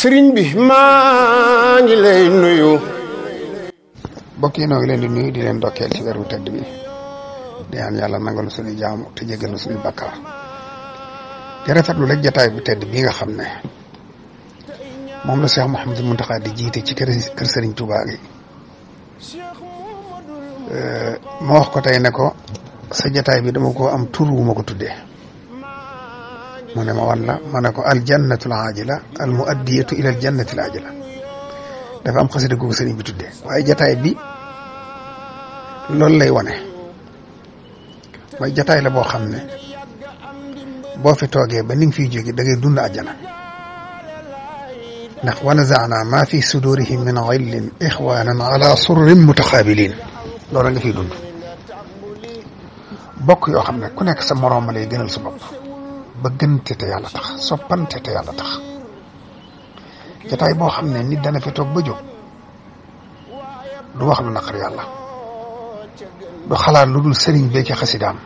sëriñ bi maa lay nuyu. mbokk yi noo ngi leen di nuyu di leen ndokkeel ci weeru tedd bi di ñaan yàlla nangalu suñu jaamu te jégalu suñu bakkaar di rafetlu rek jataay bu tedd bii nga xam ne moom la Cheikh Mouhamadou Mountakha di jiite ci kër kër sëriñ Touba gi euh, wax ko tey ne ko se jataay bi dama ko am tur wu ma ko tuddee. mu ne ma walla ma ne ko aljannatul ajila al muaddiyatu ila aljannatil ajila dafa am xasida googu sëriñ bi tuddee waaye jataay bi loolu lay wane mooy jataay la boo xam ne boo fi toogee ba ni nga fiy jóge da ngay dund àjjana ndax wa nazaana ma fi sudurihim min xillin ixwanan ala surrin mutaxaabiliin lool nga fiy dund bokk yoo xam ne ku nekk sa moroom lay gënal sa bopp bëggante te yàlla tax soppante te yàlla tax jataay boo xam ne nit dana fi toog du wax lu naqar yàlla du xalaat lu dul sëriñ bee ci xasidaam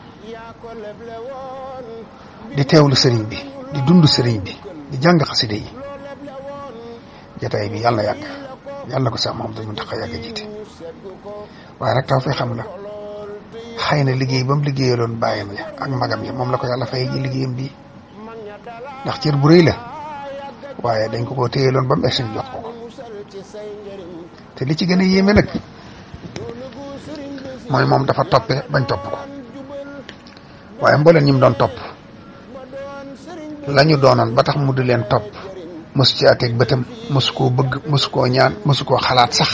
di teewlu sëriñ bi di dund sëriñ bi di jàng xasida bi yàlla na yàgg yàlla na ko sax moom dañu tax a yàgg jiite waaye taw feexam xam la xëy na liggéey ba mu liggéeyaloon bàyyam ya ak magam ya moom la ko yàlla fay ji liggéeyam bii ndax cër bu rëy la waaye dañ ko ko téyeloon ba mu egsi jox ko ko te li ci gën a yéeme nag mooy moom dafa toppe bañ topp ko waaye mbooleen ñi doon topp lañu ñu doonoon ba tax mu leen topp mosu ci àtteeg bëtam mosu koo bëgg mosu koo ñaan mosu koo xalaat sax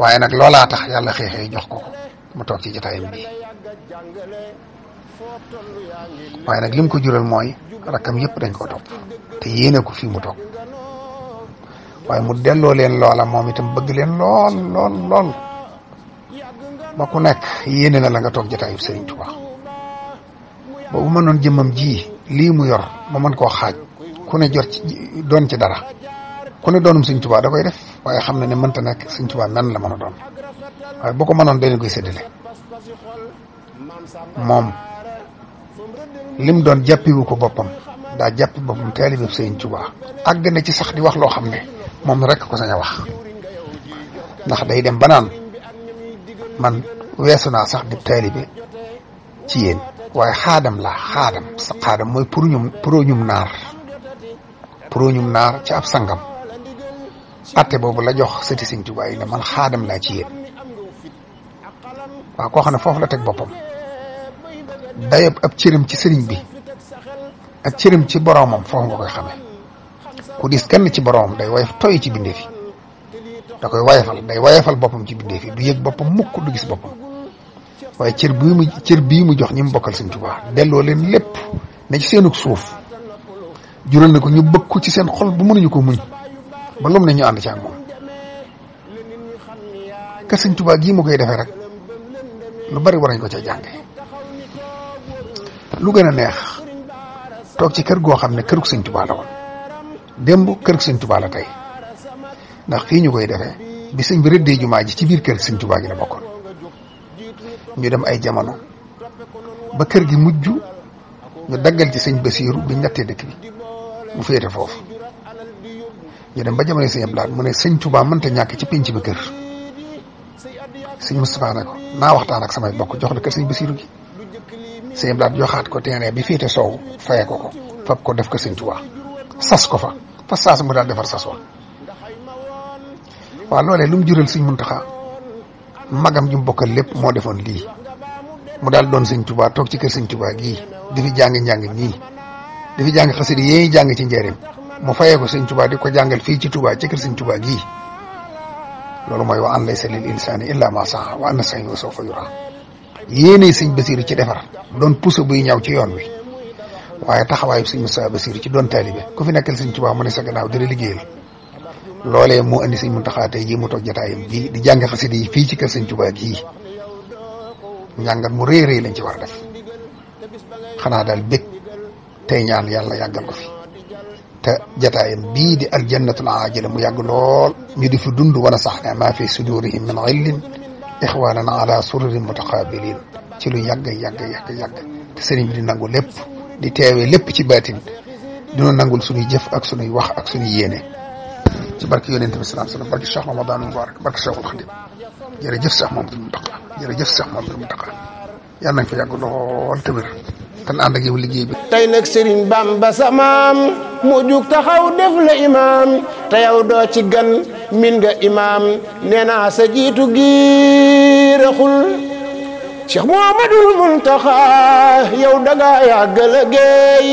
waaye nag loolaa tax yàlla xeexee jox ko mu toog ci jataayam bi waaye nag lim ko jural mooy rakkam yëpp dañ koo topp te yéene ko fii mu toog waaye mu delloo leen loola moom itam bëgg leen lool lool lool ba ku nekk yéene na la nga toog jataayu Sëriñ Tuubaa ba bu noon jëmmam ji lii mu yor ma mën koo xaaj ku ne jot ci doon ci dara ku ne doonum Sëriñ Tuubaa da koy def waaye xam na ne mënta nekk Sëriñ Tuubaa nan la mën a doon waaye boo ko mënoon dañu koy séddale moom lim doon jàppiwu ko boppam daa jàppi boppam taalibe Sëriñ Tuubaa àgg na ci sax di wax loo xam ne moom rek ko sañ wax ndax day dem ba naan man weesu naa sax di taalibe ci yéen waaye xaadam laa xaadam sa xaadam mooy puruñum puruñum naar puruñum naar ci ab sangam atte boobu la jox sëti Sëriñ Tuubaa yi ne man xaadam laa ci yéen waa koo xam ne foofu la teg boppam dayob ab cëram ci sëriñ bi ak cëram ci boroomam foofu nga koy xamee ku dis kenn ci boroomam day woyof toy ci bindee da koy woyofal day woyofal boppam ci bindee fi du yëg boppam mukk du gis boppam waaye cër bii mu cër bii mu jox ñi mu bokkal Sëriñ Tuubaa leen lépp ne ci seenug suuf jural na ko ñu bëgg ko ci seen xol bu mënuñu ko muñ ba lum ne ñu ànd ci ak moom ka Sëriñ Tuubaa gii mu koy defee rek lu bari war nañ ko cee jànge lu gën a neex toog ci kër goo xam ne kërug sëñ Tuubaa la woon démb kërug sëñ Tuubaa la tey ndax fii ñu koy defee bi sëñ bi rëddee jumaa ji ci biir kër sëñ Tuubaa gi la bokkoon ñu dem ay jamono ba kër gi mujj ñu daggal ci sëñ Basiiru bi ñattee dëkk bi mu féete foofu ñu dem ba jamono sëñ Abdu Lahat mu ne sëñ Tuubaa mënta ñàkk ci pénc bi kër sëñ Moustapha ne ko naa waxtaan ak samay bokk jox la kër sëñ Basiru gi sëñ daal joxaat ko terrain bi féete soow fayee ko ko fab ko def ko sëñ Tuubaa sas ko fa fa saas mu daal defar sas wa waaw loolee lu mu jural sëñ Muntaxa magam ju mu bokkal lépp moo defoon lii mu daal doon sëñ Tuubaa toog ci kër sëñ Tuubaa gii di fi jàng njàng nii di fi jàng xasida yi jàng ci njëriñ mu fayee ko sëñ Tuubaa di ko jàngal fii ci Tuubaa ci kër sëñ Tuubaa gii loolu mooy wa an laysa lil insaani illa ma sax wa anna sax wa sawfa yura yéene sëñ Basiru ci defar doon puso buy ñaw ci yoon wi waaye taxawaayu sëñ Moussa Basiru ci doon taalibe ku fi nekkal sëñ Tuubaa mu ne sa gannaaw dina liggéeyal loolee moo andi sëñ Muntaxaa tey jii mu toog jotaayam bii di jàng xasida yi fii ci kër sëñ Tuubaa gii njàngat mu rëy rëy lañ ci war a def xanaa daal bëgg tey ñaan yàlla yàggal ko fi. te jataayam bii di aljannatul aajila mu yàgg lool ñu di fi dund wala sax ne maa fi sudurihim min xillin ixwaanan ala sururin mutaqabilin ci lu yàgg yàgg yàgg yàgg te sëriñ bi di nangu lépp di teewee lépp ci baatin dina nangu suñuy jëf ak suñuy wax ak suñuy yéene ci barke yonente bi salaam salaam barke Cheikh Ramadan Mubarak barke Cheikhul Khadim jërëjëf Cheikh Mamadou Mountakha jërëjëf Cheikh Mamadou Mountakha yàlla nañ fa yàgg lool te wér te ànd ak yow bi. Bamba samaam. mu jug taxaw def la imaam te yow doo ci gan min nga imaam nee naa sa jiitu giiraxul Cheikh Muhammadul Muntaxa yow dangaa yàggala géey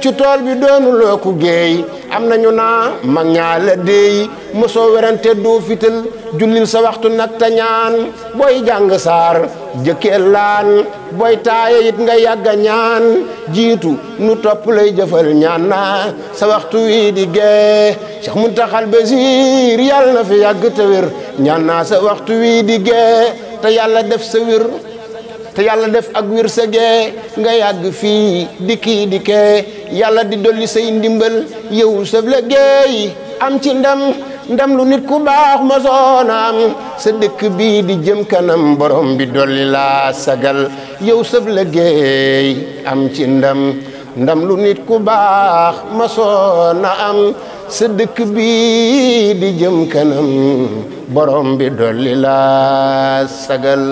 ci tool bi doonuloo ku géey am nañu naa mag ñaa la déey mosoo werante doo fital jullil sa waxtu nag te ñaan booy jàng saar jëkkeel laan booy taaye it nga yàgga ñaan jiitu nu topp lay jëfal ñaan naa sa waxtu wi di gee Cheikh Muntaxal Basiir yàlla na fi yàgg te wér ñaan naa sa waxtu wi di gee te yàlla def sa wér te yàlla def ak wërsëgee nga yàgg fii dikki dikkee yàlla di dolli say ndimbal yow sa liggéey am ci ndam ndam lu nit ku baax ma soona am sa dëkk bii di jëm kanam borom bi dolli laa sagal yow sa liggéey am ci ndam ndam lu nit ku baax ma soona am sa dëkk bii di jëm kanam borom bi dolli laa sagal